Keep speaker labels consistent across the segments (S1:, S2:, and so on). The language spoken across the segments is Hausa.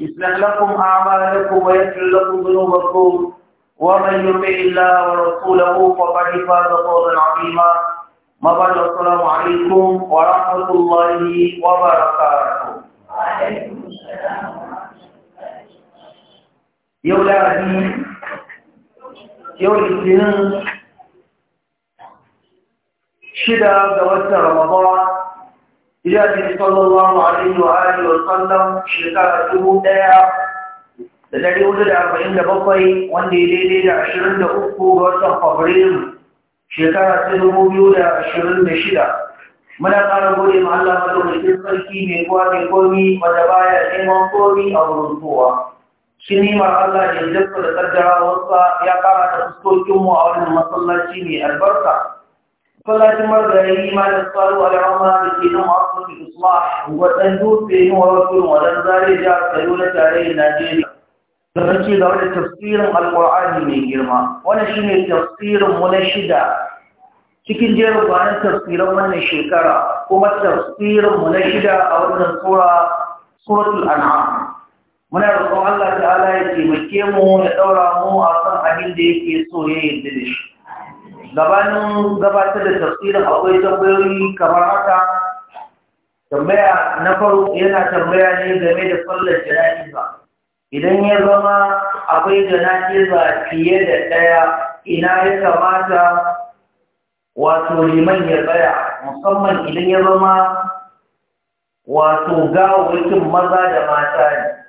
S1: يصلح لكم
S2: أعمالكم ويغفر لكم ذنوبكم ومن يطع الله ورسوله فقد فاز فوزا عظيما ما بعد السلام عليكم ورحمة الله وبركاته وعليكم السلام yau lahadi yau litinin shida ga watan ramadan hijabi sallallahu alaihi wa alihi wa sallam shekara dubu ɗaya da dari hudu da arba'in da bakwai wanda ya daidai da ashirin da uku ga watan fabrairu shekara dubu biyu da ashirin da shida muna ƙara gode ma Allah madaukakin sarki mai kowa komi wanda baya neman komi a wurin Sinima Allah ya zarta da ya ƙara da fuskokinmu a wannan masallaci mai albarka masallacin margari ma da tsaro a rama da ke nan asibiti usma wadan dutse yin warwarin wadan zare jihar kayo na tarayyar najeriya don ci gaba da tafsirin alkur'ani mai girma wani shine tafsirin mu na shida cikin jerin kwanan tafsirin wannan shekara kuma tafsirin mu na shida a wannan tsora suratul an'am muna roƙon Allah ta'ala ya taimake mu ya ɗaura mu a kan abin da yake so ya yarda da shi gabanin gabatar da tafsirin akwai tambayoyi kamar haka tambaya na faru yana tambaya ne game da sallar jana'iza idan ya zama akwai jana'iza fiye da ɗaya ina ya kamata wato liman ya tsaya musamman idan ya zama wato gawawakin maza da mata ne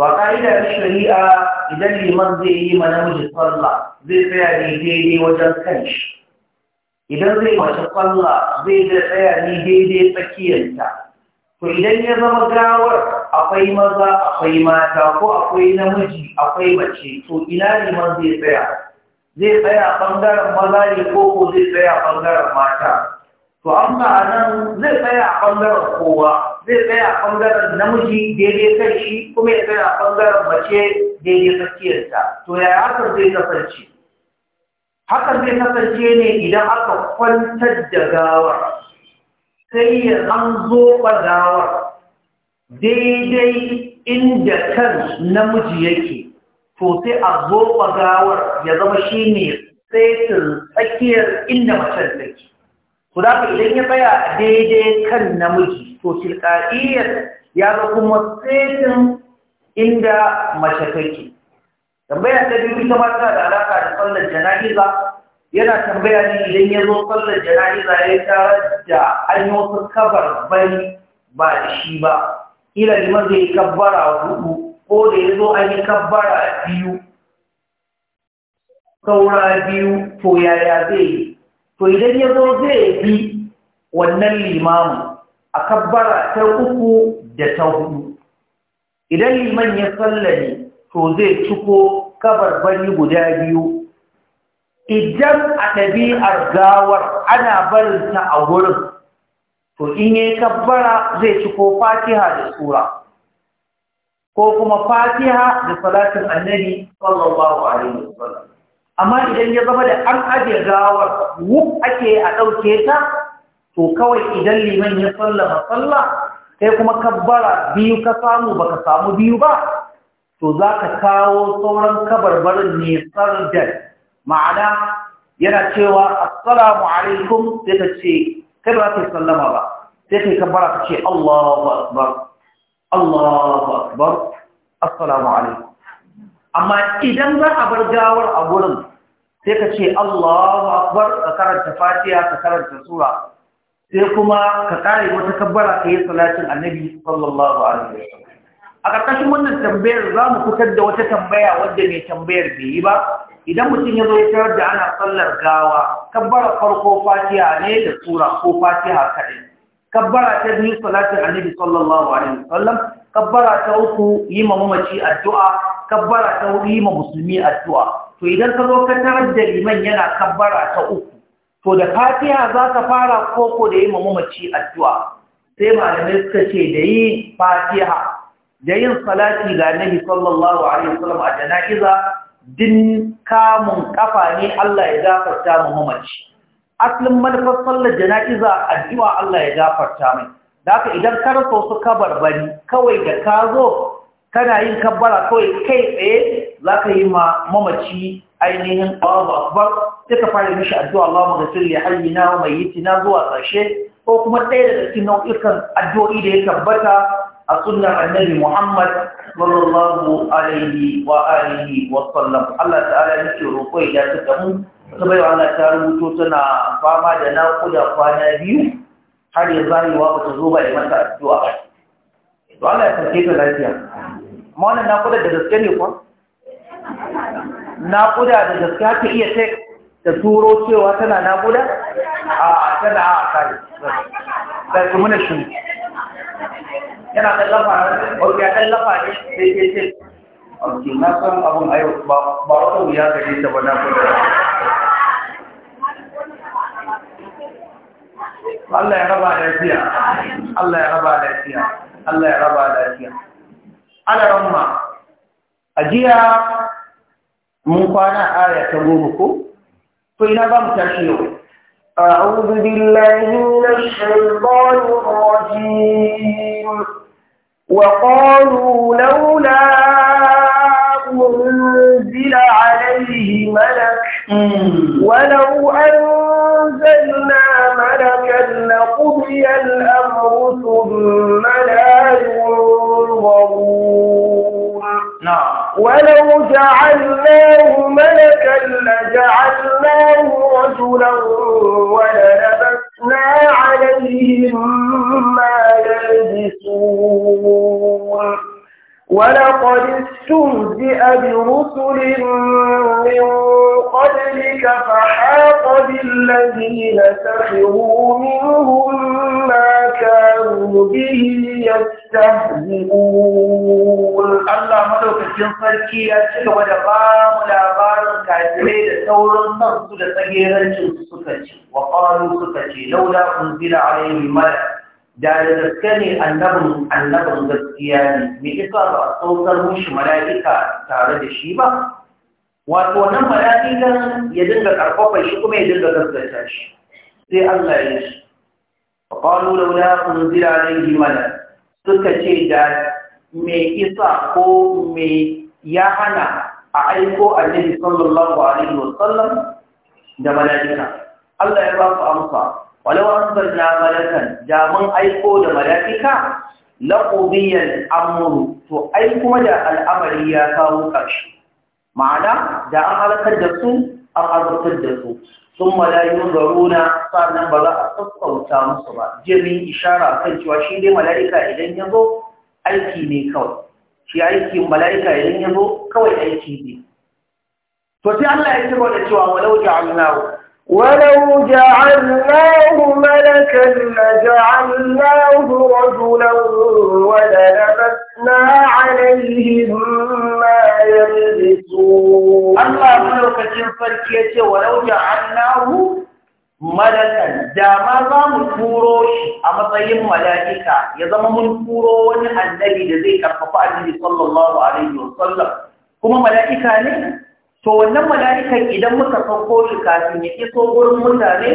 S2: Ba ƙa'ida ƙa'idar shari'a idan liman zai yi ma namiji sallah zai tsaya ne daidai wajen kanshi idan zai mace sallah zai da tsaya ne daidai tsakiyarta to idan ya zama gawar akwai maza akwai mata ko akwai namiji akwai mace to ina liman zai tsaya zai tsaya ɓangaren maza ne ko ko zai tsaya ɓangaren mata to amma a nan zai tsaya a ɓangaren kowa zai tsaya a ɓangaren namiji daidai kan shi kuma ya tsaya a ɓangaren mace daidai tsakiyarsa to yaya hakan zai kasance hakan zai kasance ne idan aka kwantar da gawar sai ya an zoɓa gawar daidai inda kan namiji yake to sai a zoɓa gawar ya zama shi ne saitin tsakiyar inda macen take. Ku za idan ya tsaya daidai kan namiji to tilqa'iyyar ya ga kuma tsetin inda mace take tambaya ta biyu ita ma tana da alaka da sallar jana'iza yana tambaya ne idan ya zo sallar jana'iza ya tare da an yi wasu kabar bari ba da shi ba ila liman zai kabbara hudu ko da ya zo an yi kabbara biyu saura biyu to yaya zai yi to idan ya zo zai bi wannan limamin a kabbara ta uku da ta hudu idan liman ya sallani, to zai ciko bari guda biyu idan a ɗabi'ar gawar ana barinta a wurin to in yi kabbara zai ciko fatiha da tsura ko kuma fatiha da salatin annabi sallallahu alaihi wasallam amma idan ya zama da an ajiye gawar wuk ake a ɗauke ta to kawai idan liman ya sallama sallah sai kuma kabbara biyu ka samu baka samu biyu ba to za ka kawo sauran kabarbarin nisar da ma'ana yana cewa assalamu alaikum sai ta ce kai ba ta sallama ba sai ta kabbara ta ce Allahu akbar Allahu akbar assalamu alaikum amma idan za a bar gawar a gurin sai ka ce Allahu akbar ka karanta Fatiha ka karanta sura sai kuma ka kare wata kabbara ka yi salatin annabi sallallahu alaihi sallam! a ƙarƙashin wannan tambayar za mu fitar da wata tambaya wadda mai tambayar bai yi ba idan mutum ya zo ya tarar da ana sallar gawa kabbara farko fatiha ne da tura ko fatiha kaɗai kabbara ta biyu salatin annabi sallallahu alaihi sallam! kabbara ta uku yi ma mamaci addu'a kabbara ta huɗu yi ma musulmi addu'a to idan ka zo ka tarar da liman yana kabbara ta uku to da fatiha za ka fara koko da yi mamaci addu'a sai malamai suka ce da yi fatiha da yin salati ga nabi sallallahu alaihi wasallam a jana'iza din kamun kafa ne Allah ya gafarta mu mamaci asalin manufar sallar jana'iza addu'a Allah ya gafarta mai da ka idan ka su kabar bari kawai da ka zo kana yin kabbara kawai kai tsaye za ka yi ma mamaci ainihin Allahu Akbar sai ka fara mishi addu'a Allahumma ghfir li hayyina wa mayyitina zuwa ƙarshe ko kuma ɗaya daga cikin nau'ikan addu'o'i da ya tabbata a sunnar Annabi Muhammad sallallahu alaihi wa alihi wa sallam Allah ta'ala yake roƙo ya ta da kuma yau Allah ta rubuto tana fama da naƙuda kwana biyu har ya zahiwa ba ta zo ba ya mata addu'a to Allah ya sarke ta lafiya amma wannan naƙuda da gaske ne kuwa naƙuda da gaske haka iya tek da turo cewa tana naƙuda a tana a kare da kuma na shi yana ɗan lafa ne ya ɗan lafa ne sai ke ce ok na san abin ayo ba wata wuya gare ta ba na
S1: Allah ya raba lafiya Allah ya raba lafiya
S2: Allah ya raba lafiya alaramma
S1: jiya. mun آية aya ta goma ko أعوذ بالله من الشيطان الرجيم وقالوا لولا أنزل عليه ملك ولو أنزلنا ملكا لقضي الأمر ثم لا ينظرون نعم ولو جعلناه ملكا لجعلناه رجلا وللبسنا عليهم ما يلبسون ولقد استهزئ برسل من قبلك فحاق بالذين سخروا منهم ما كانوا به يستهزئون الله مدوكتين sarki ya ci gaba da ba mu labarin kafirai da sauran kansu da
S2: tsagerancin su suka ce wa qalu suka ce laula unzila alayhi malak da gaske ne annabin annabin gaskiya me isa ba a tare da shi ba wato ya dinga karfafa shi kuma ya dinga shi sai Allah ya ce qalu laula unzila alayhi malak suka ce da me isa ko me ya hana a aiko annabi sallallahu alaihi wasallam da malaika Allah ya ba su amsa walau anzalna malakan da mun aiko da malaika laqudiyan amru to ai kuma da al'amari ya kawo ƙarshe ma'ana da an halakar da su an azabtar da su sun malayun garuna sannan ba za a sassauta musu ba jirin ishara kan cewa shi dai mala'ika idan ya zo aiki ne kawai shi aikin mala'ika idan ya zo kawai aiki ne
S1: to sai Allah ya ce da cewa walau ja'alnahu ولو جعلناه ملكا لجعلناه رجلا وللبسنا عليهم ما يلبسون الله
S2: ملوك الفركية ولو جعلناه ملكا داما زام كوروش أما طيب ملائكة يزم من كورون النبي لذيك النبي صلى الله عليه وسلم كما ملائكة ليه to wannan mala'ikan idan muka sauko shi kafin ya iso wurin mutane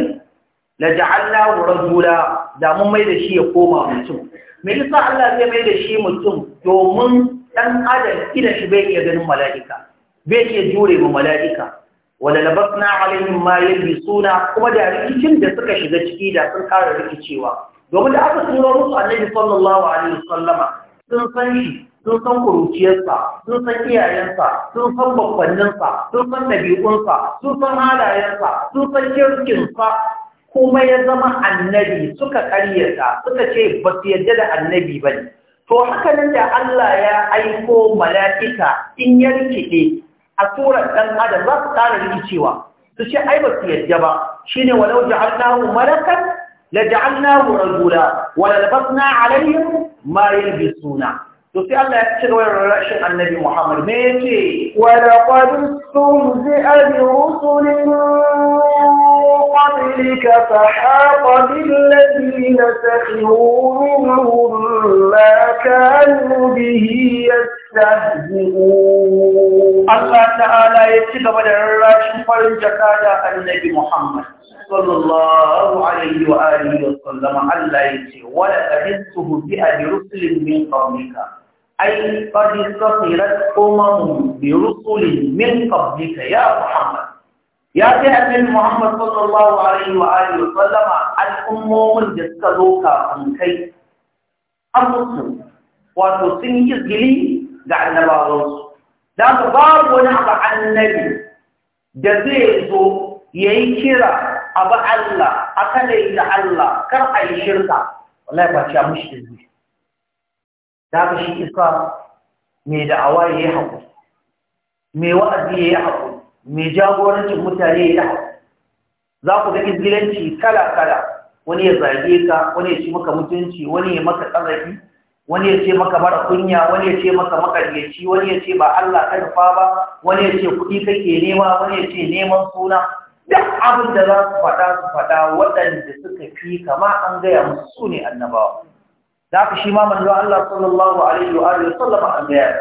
S2: la ja'alna rajula da mun mai da shi ya koma mutum me isa Allah zai mai da shi mutum domin ɗan adam idan shi bai iya ganin mala'ika bai iya jure ma mala'ika wala na halin ma suna, kuma da rikicin da suka shiga ciki da sun kara rikicewa domin da aka turo musu annabi sallallahu alaihi wasallama sun san shi sun san kuruciyarsa sun san iyayensa sun san babbanninsa sun san ɗabi'unsa sun san halayensa sun san kirkinsa kuma ya zama annabi suka karyata suka ce ba su yarda da annabi ba ne to haka nan da Allah ya aiko mala'ika in ya rikide a turar ɗan adam za su ƙara rikicewa su ce ai ba su yarda ba Shi shine walau ja'alnahu malakan la ja'alnahu rajula wa lalbasna alaihim ma yalbisuna to sai Allah ya ci gaba da rashin annabi Muhammad
S1: me yace wa laqad tumzi'a bi rusulin qablika fa haqa bil ladina sakhiru minhum ma kanu bihi yastahzi'un Allah ta'ala ya ci gaba da rashin farin jaka da annabi
S2: Muhammad صلى الله عليه وآله وسلم الله يتي ولقد استهزئ برسل من قومك ay qad istakhirat umamun bi rusuli min qablika ya muhammad ya ti abin muhammad sallallahu alaihi wa alihi wa sallam al ummun jaskaruka an kai amsu wato to sin yizgili ga annabawa da babu wani abu annabi da zai zo ya yi kira abu Allah a da Allah kar a yi shirka wallahi ba ci a mushi da zuwa ka shi Isa, mai da'awa ya yi haƙuri mai wa'azi ya yi haƙuri mai jagorancin mutane ya yi haƙuri za ku ga izgilanci kala-kala wani ya zage ka wani ya ce maka mutunci wani ya maka tsarafi wani ya ce maka mara kunya wani ya ce maka makaryaci wani ya ce ba Allah ka ba wani ya ce kuɗi kake nema wani ya ce neman suna duk abin da za su faɗa su faɗa waɗanda suka fi kama an gaya musu su ne annabawa da shi ma manzo Allah sallallahu alaihi wa alihi sallama an bayar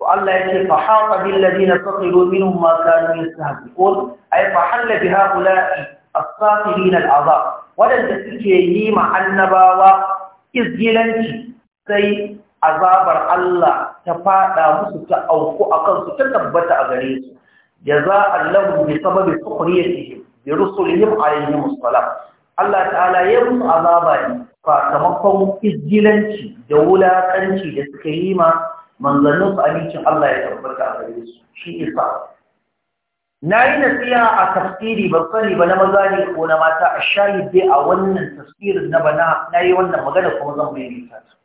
S2: Allah yake fa haqa bil ladina saqiru minhum ma kanu yastahziqun ay fa halla bi haula'i as-saqirin al-azab wadanda suke yi ma annabawa izgilanci sai azabar Allah ta fada musu ta auku akan su ta tabbata a gare su jaza'an lahum bi sababi sukhriyatihim bi rusulihim alayhim assalam Allah ta'ala ya musu azaba ne sakamakon izgilanci da wulakanci da suka yi ma manzannin su abincin Allah ya tabbata a gare su shi isa na yi nasiya a tafsiri ban sani ba na maza ne ko na mata a shahid dai a wannan tafsirin na bana na yi wannan magana kuma zan bayyana ta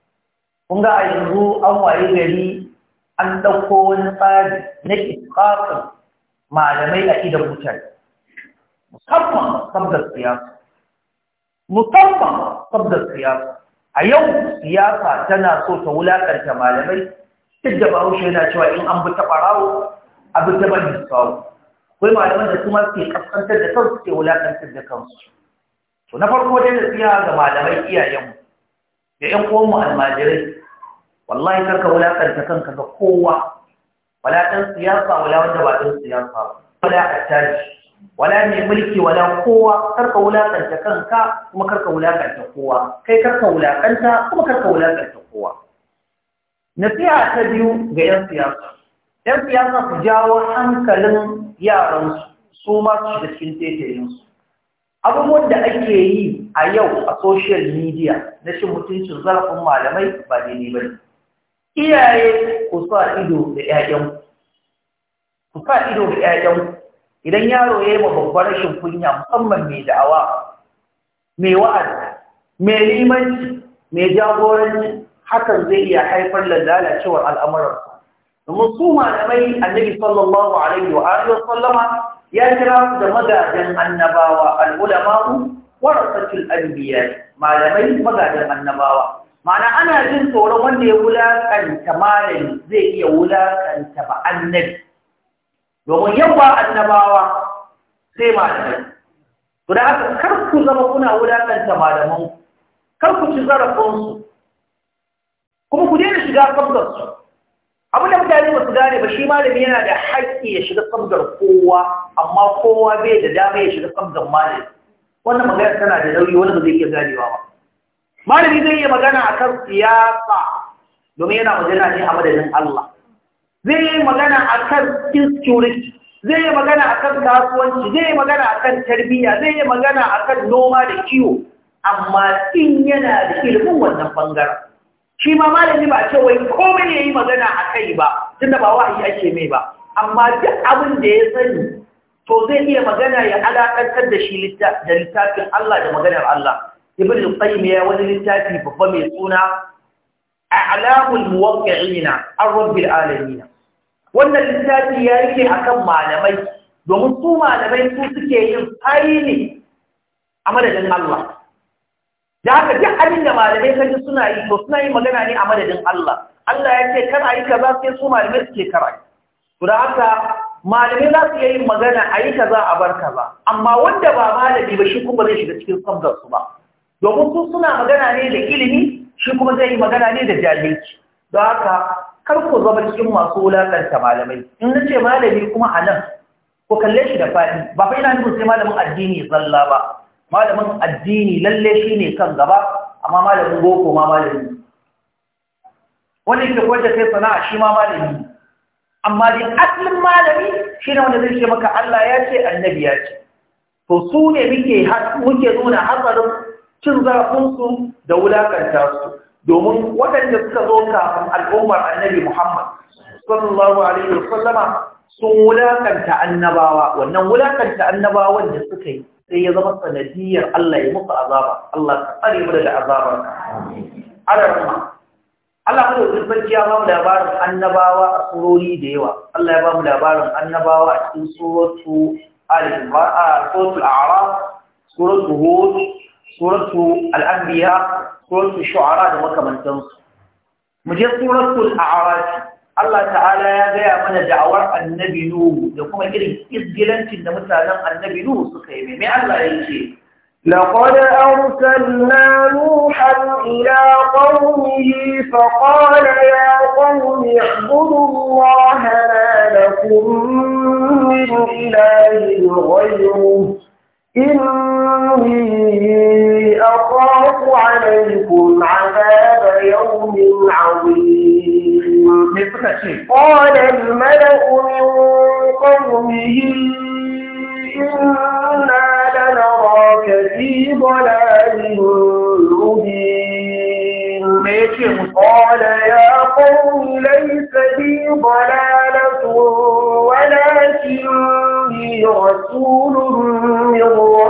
S2: kun ga a yanzu an waye gari an ɗauko wani tsari na isƙaƙin malamai a idan mutane musamman sabgar siyasa musamman sabda siyasa a yau siyasa tana so ta wulakanta malamai duk da bahaushe yana cewa in an bi ta ɓarawo a ta bani sawo akwai malaman da kuma ke kaskantar da kansu ke wulakantar da kansu to na farko dai da siya ga malamai iyayenmu da ƴan uwanmu almajirai wallahi karka wulakanta kanka ga kowa wala ɗan siyasa wala wanda ba ɗan siyasa ba wala attaji wala mai mulki wala kowa karka wulakanta kanka kuma karka wulakanta kowa kai karka wulakanta kuma karka wulakanta kowa nasiha ta biyu ga 'yan siyasa 'yan siyasa su jawo hankalin yaran su ma su shiga cikin su abubuwan da ake yi a yau a social media na shi mutuncin zarafin malamai ba daidai ba ne iyaye ku sa ido da 'ya'yanku ku sa ido da 'ya'yanku idan yaro ya yi ma babbar rashin kunya musamman mai da'awa mai wa'azi mai limanci mai jagoranci hakan zai iya haifar da lalacewar al'amuran domin su malamai annabi sallallahu alaihi wa alihi sallama ya kira su da magajin annabawa al'ulama'u warasatul anbiya malamai magajin annabawa ma'ana ana jin tsoron wanda ya wulakanta malami zai iya wulakanta ba annabi domin yawa annabawa sai malamai to da haka kar ku zama kuna wulakanta malaman kar ku ci zarafinsu kuma ku daina shiga kabgarsu abin da mutane ba su gane ba shi malami yana da haƙƙi ya shiga kabgar kowa amma kowa bai da dama ya shiga kabgar malami wannan magana tana da nauyi wani ba zai iya ganewa ba malami zai iya magana a kan siyasa domin yana magana ne a madadin Allah zai yi magana akan insecurity zai yi magana akan kasuwanci zai yi magana akan tarbiyya zai yi magana akan noma da kiwo amma in yana da ilimin wannan bangaren shi ma malami ba ce wai komai ya yi magana a kai ba tunda ba wahayi ake mai ba amma duk abin da ya sani to zai iya magana ya alaƙantar da shi da littafin Allah da maganar Allah ibn al-qayyim ya wani littafi babba mai suna a'lamul muwaqqi'ina ar-rabbil alamin wannan littafi ya yake akan malamai domin su malamai su suke yin ne a madadin Allah da haka duk abin da malamai kaji suna yi to suna yi magana ne a madadin Allah Allah ya ce kar a yi kaza sai su malamai suke kara to da haka malamai za su yi magana a yi kaza a bar kaza amma wanda ba malami ba shi kuma zai shiga cikin samgar su ba domin su suna magana ne da ilimi shi kuma zai yi magana ne da jahilci don haka kar ku zama cikin masu wulakanta malamai in na ce malami kuma a nan ku kalle shi da faɗi ba fa ina nufin sai malamin addini zalla ba malamin addini lalle shi ne kan gaba amma malamin boko ma malami wanda yake kwace sai sana'a shi ma malami amma dai asalin malami shi ne wanda zai ce maka Allah ya ce annabi ya ce to su ne muke nuna hatsarin cin
S1: zarafinsu
S2: da wulaƙanta su domin waɗanda suka zo kafin al'ummar annabi Muhammad sallallahu alaihi wasallama sun wulakanta annabawa wannan wulakanta annabawa da suka yi sai ya zama sanadiyar Allah ya musu azaba Allah ka tsare mu daga azabar Allah rahma Allah ko da sarki ya ba mu labarin annabawa a surori da yawa Allah ya ba mu labarin annabawa a cikin suratu al-Imran suratul Hud suratu al'ambiya suratu shu'ara da makamantansu mu je suratu al'arafi Allah ta'ala ya gaya mana da'awar annabi Nuhu da kuma irin izgilancin da mutanen annabi Nuhu suka yi
S1: mai Allah ya ce لقد أرسلنا نوحا إلى قومه فقال يا قوم اعبدوا الله لا لكم من إله غيره إن أخاف عليكم عذاب يوم عظيم قال الملأ من قومه إنا لنراك في ضلال مبين قال يا قوم ليس لي ضلالة ولكني رسول من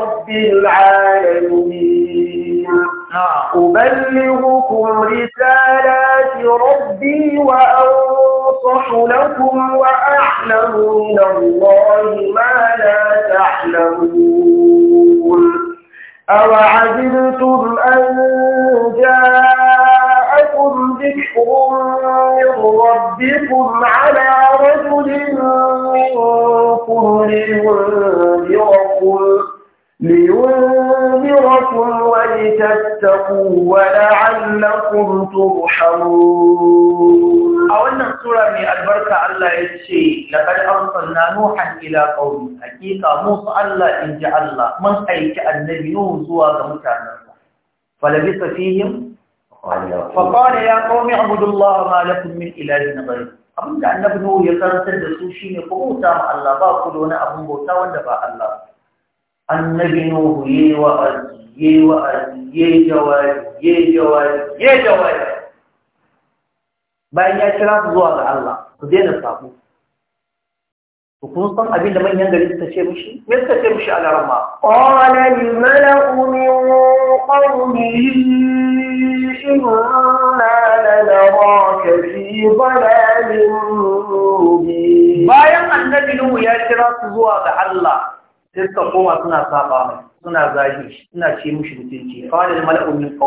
S1: رب العالمين نعم. أبلغكم رسالات ربي وأنصح لكم وأعلم من الله ما لا تعلمون أوعجبتم أن جاءكم ذكر من ربكم على رجل منكم لينذركم لينذركم ولتتقوا ولعلكم ترحمون a wannan sura mai albarka Allah
S2: ya ce laqad arsalna nuhan ila qaumi hakika musu Allah in Allah mun aiki annabi nuhu zuwa ga mutanensa falabisa fihim faqala ya komi ibudullaha ma lakum min ilahin ghayr abinda annabi nuhu ya karantar da su shine ku bauta ma Allah ba ku da wani abun bauta wanda ba Allah annabi nuhu yayi wa'azi yayi wa'azi yayi jawabi yayi jawabi yayi jawabi bayan ya kira su zuwa ga Allah ku daina sabo to kun san abin da manyan gari suka ce mishi me suka ce mishi ala rama qala lil
S1: mala'u min qawmihi inna lanaraka fi dhalalin mubin bayan annabi nuhu ya kira su zuwa ga Allah
S2: sai suka koma suna saba mai suna zagi suna ce mushi mutunci fadil mala'u min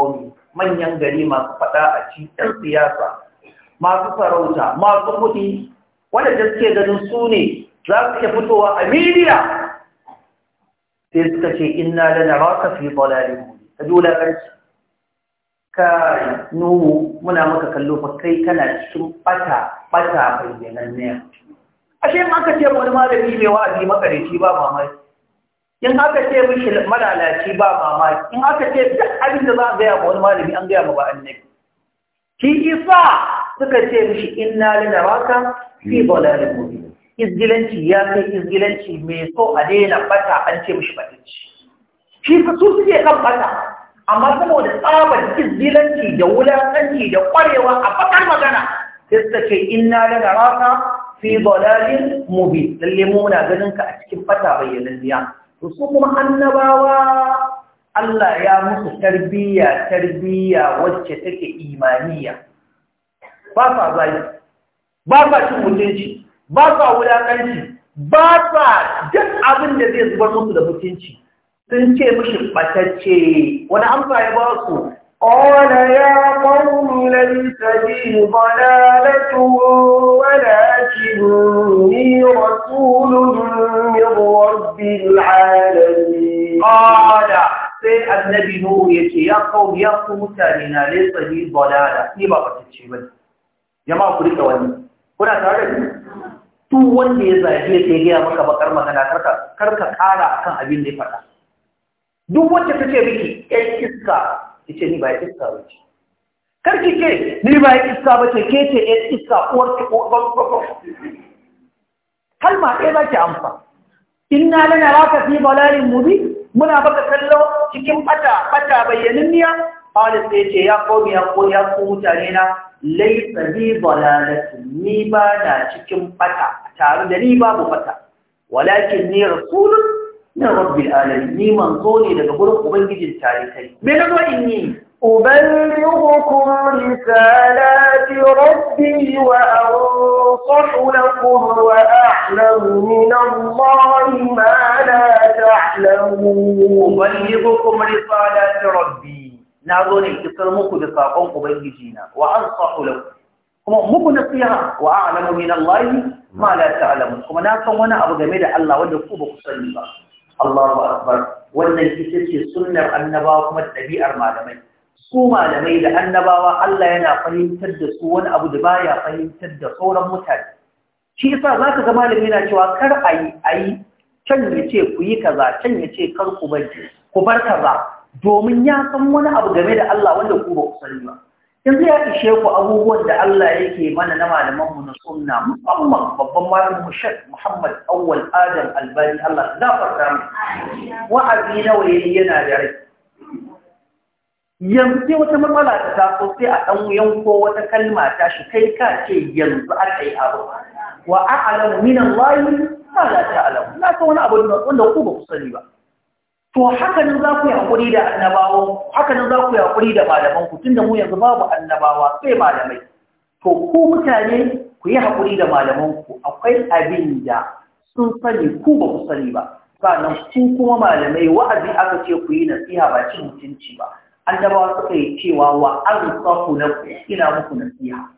S2: manyan gari masu fada a ci ɗan siyasa masu farauta, masu kuɗi wanda gaske suke ganin su ne za su iya fitowa a miliya sai suka ce inna ba raka fi bolari ka dole ƙarshe kai nuhu muna maka kallo fa kai kana cikin bata bata bayyanan ne ashe in aka ce wani malami mai wa'azi makarici ba mamaki in aka ce mishi malalaci ba mamaki in aka ce duk abin da za a gaya ma wani malami an gaya ma ba annabi ki isa suka ce mishi inna lana raka fi dalalin mubin izgilanci ya kai izgilanci mai so a daina bata an ce mishi batanci shi fa su suke kan bata amma saboda tsabar izgilanci da wulakanci da kwarewa a bakar magana sai suka ce inna lana raka fi dalalin mubin lalle mu muna ganin ka a cikin bata biya su kuma annabawa Allah ya musu tarbiyya tarbiyya wacce take imaniya ba sa zai ba sa cin mutunci ba sa wulakanci ba sa duk abin da zai zubar musu da mutunci sun ce mishi batacce wani amsa ya ba su
S1: قال يا قوم ليس به ضلالة ولكنني رسول من رب العالمين
S2: قال sai annabi Nuhu ya ce ya kawo ya ku mutane na laifin bi balala ni ba ka tace ba jama'a ku rika wani kuna tare da duk wanda ya zage ya gaya maka bakar magana karka karka kara akan abin da ya faɗa duk wacce ce biki ƴan iska yace ni ba iska ba ce karki ke ni ba iska ba ce ke ce yan iska uwar ki kalma ɗaya za ki amfa na lana raka fi balalin mubi muna baka kallo cikin bata bata bayyanin niya Khalid sai ce ya komi ya ko ya ko mutane na laisa bi balalatu ni ba na cikin bata tare da ni babu bata walakin ni rasulun na rabbil alamin ni manzo ne daga gurin ubangijin tarihi
S1: me na zo in yi أبلغكم رسالات ربي وأنصح لكم وأعلم من الله ما لا تعلمون أبلغكم رسالات ربي نعذون اكتر مكو لصاقون
S2: أبلغجينا وأنصح لكم kuma muku nasiha wa a'lamu min Allah ma la ta'lamun kuma na san wani abu game da Allah wanda ku ba ku sani ba Allahu akbar wannan ita ce sunnar annabawa kuma ɗabi'ar malamai su malamai da annabawa Allah yana fahimtar da su wani abu da baya fahimtar da sauran mutane shi yasa zaka ga malami yana cewa kar ayi ayi can ya ce ku yi kaza can ya ce kar ku bari ku bar kaza domin ya san wani abu game da Allah wanda ku ba ku sani ba yanzu ya ishe ku abubuwan da Allah yake mana na malaman mu na sunna musamman babban malamin mu Sheikh Muhammad Awwal Adam Albani Allah da gafarta mu wa'azi nawa yayi yana da rai yanzu sai wata matsala ta taso sai a dan yanko wata kalma ta shi kai ka ce yanzu aka yi abu wa a'lamu min Allah ma la ta'lamu na san wani abu wanda ku ba ku sani ba to hakanin za ku yi hakuri da annabawa haka za ku da tunda mu yanzu babu annabawa sai malamai to ku mutane ku yi hakuri da malaman ku akwai abin da sun sani ku ba ku sani ba sannan ku kuma malamai wa'azi aka ce ku yi nasiha ba cin mutunci ba annabawa suka yi cewa wa arsaku na ku ina muku nasiha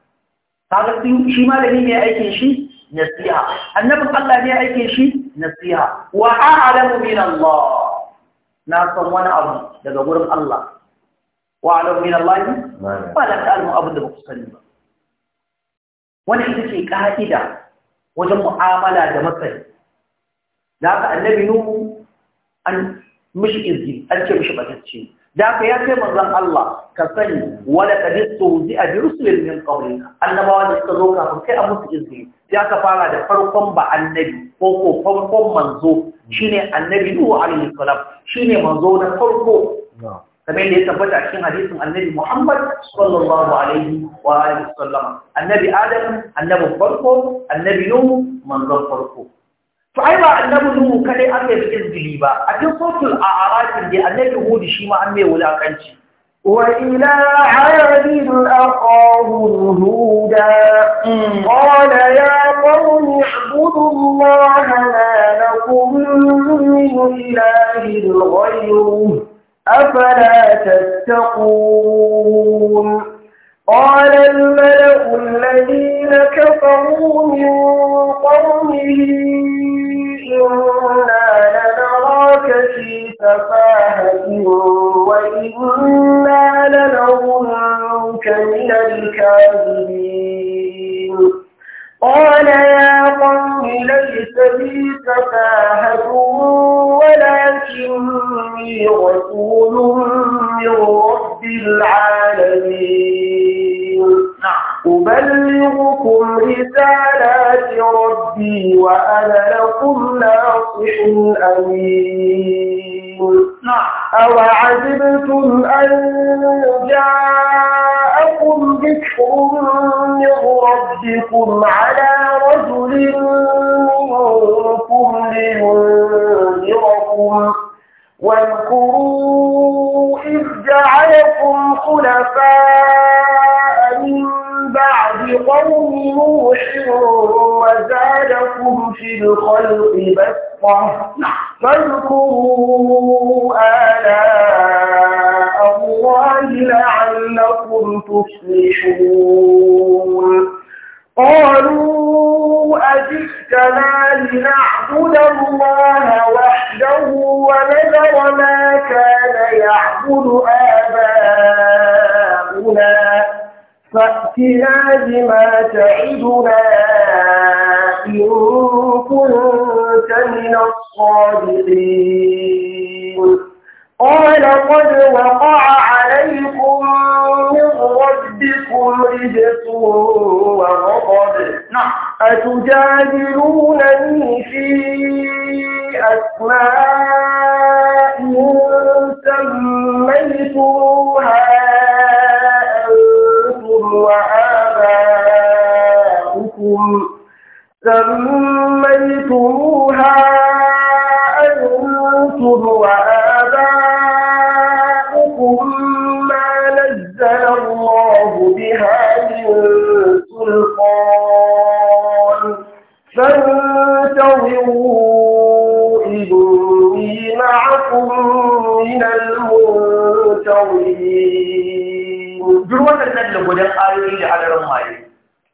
S2: kaga shi malami ne aikin shi nasiha annabin Allah ne aikin shi nasiha wa a'lamu min Allah na san wani abu daga gurin Allah wa alam min Allah ba la ta'lamu abin da ba sani ba wani ita ce ka'ida wajen mu'amala da matsayi da haka annabi nuhu an mishi izgi an ce mishi batacce da ka ya kai manzon Allah ka sani wala kadistu bi ajrusulin min qablika annabawa da suka zo kafin kai a musu izini ya ka fara da farkon ba annabi ko ko farkon manzo shine annabi Nuhu alaihi salam shine manzo na farko kamar da ya tabbata a cikin hadisin annabi Muhammad sallallahu alaihi wa alihi Sallama, annabi Adam annabi farko annabi Nuhu manzon farko to ai ba annabi nuhu kadai an mai izgili ba a cikin sautul a arakin da annabi hudu shi ma an mai wulakanci وإلى عاد
S1: أخاهم هودا na يا قوم اعبدوا الله ما لكم من إله غيره أفلا تتقون قال الملأ الذين كفروا من قومه إنا لنراك في سفاهة وإنا لنظنك من الكاذبين قال يا قوم ليس لي سفاهة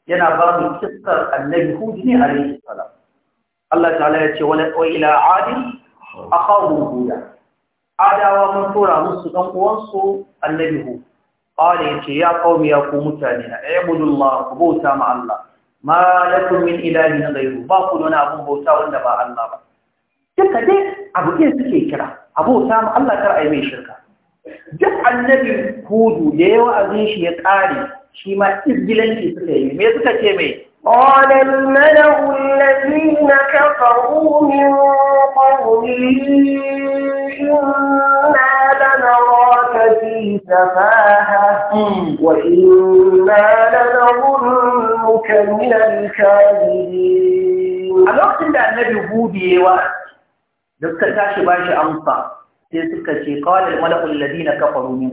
S2: yana ba mu kissar annabi hudu ne alaihi salam Allah ta'ala ya ce wani ila adi akhahu guda. adawa mun tura musu ɗan uwansu annabi hud ya yace ya qaumi ya ku mutane na ibudullah ku bauta ma Allah ma lakum min ilahin ghayru ba ku da abun bauta wanda ba Allah ba duka dai abu ɗin suke kira bauta ma Allah kar a yi mai shirka duk annabi hudu da yawa abin shi ya ƙare shi ma izgilanci suka yi me suka ce mai
S1: ƙwanan manawun lalli na kafa ruhin ƙwanuri inna da na rota fi safaha wa inna da na mukamilan kariri a lokacin da annabi hudiyewa da suka tashi ba shi amsa
S2: sai suka ce kawai da malakul ladina kafaru min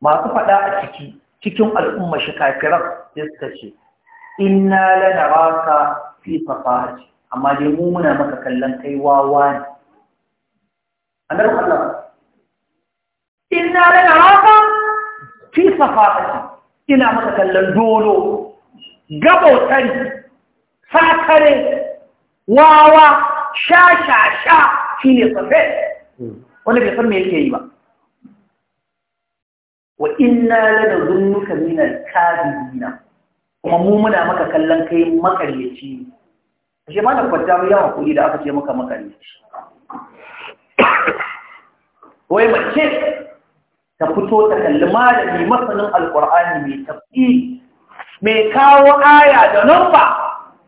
S2: masu faɗa a ciki cikin al'umma shi kafiran da suka ce inna lana raka fi safahati amma dai mu muna maka kallon kai wawa ne A nan kwallon. Ina lana raka fi safahati ina maka kallon dolo gabautari sakare wawa sha sha sha shine safe hmm. wanda bai san me yake yi ba wa inna lanazunnuka minal kadibina kuma mu muna maka kallon kai makaryaci ne shi ma da yawa kuɗi da aka ce maka makaryaci wai mace ta fito ta kalli malami masanin Alƙur'ani mai
S1: tafi,
S2: mai kawo aya da namba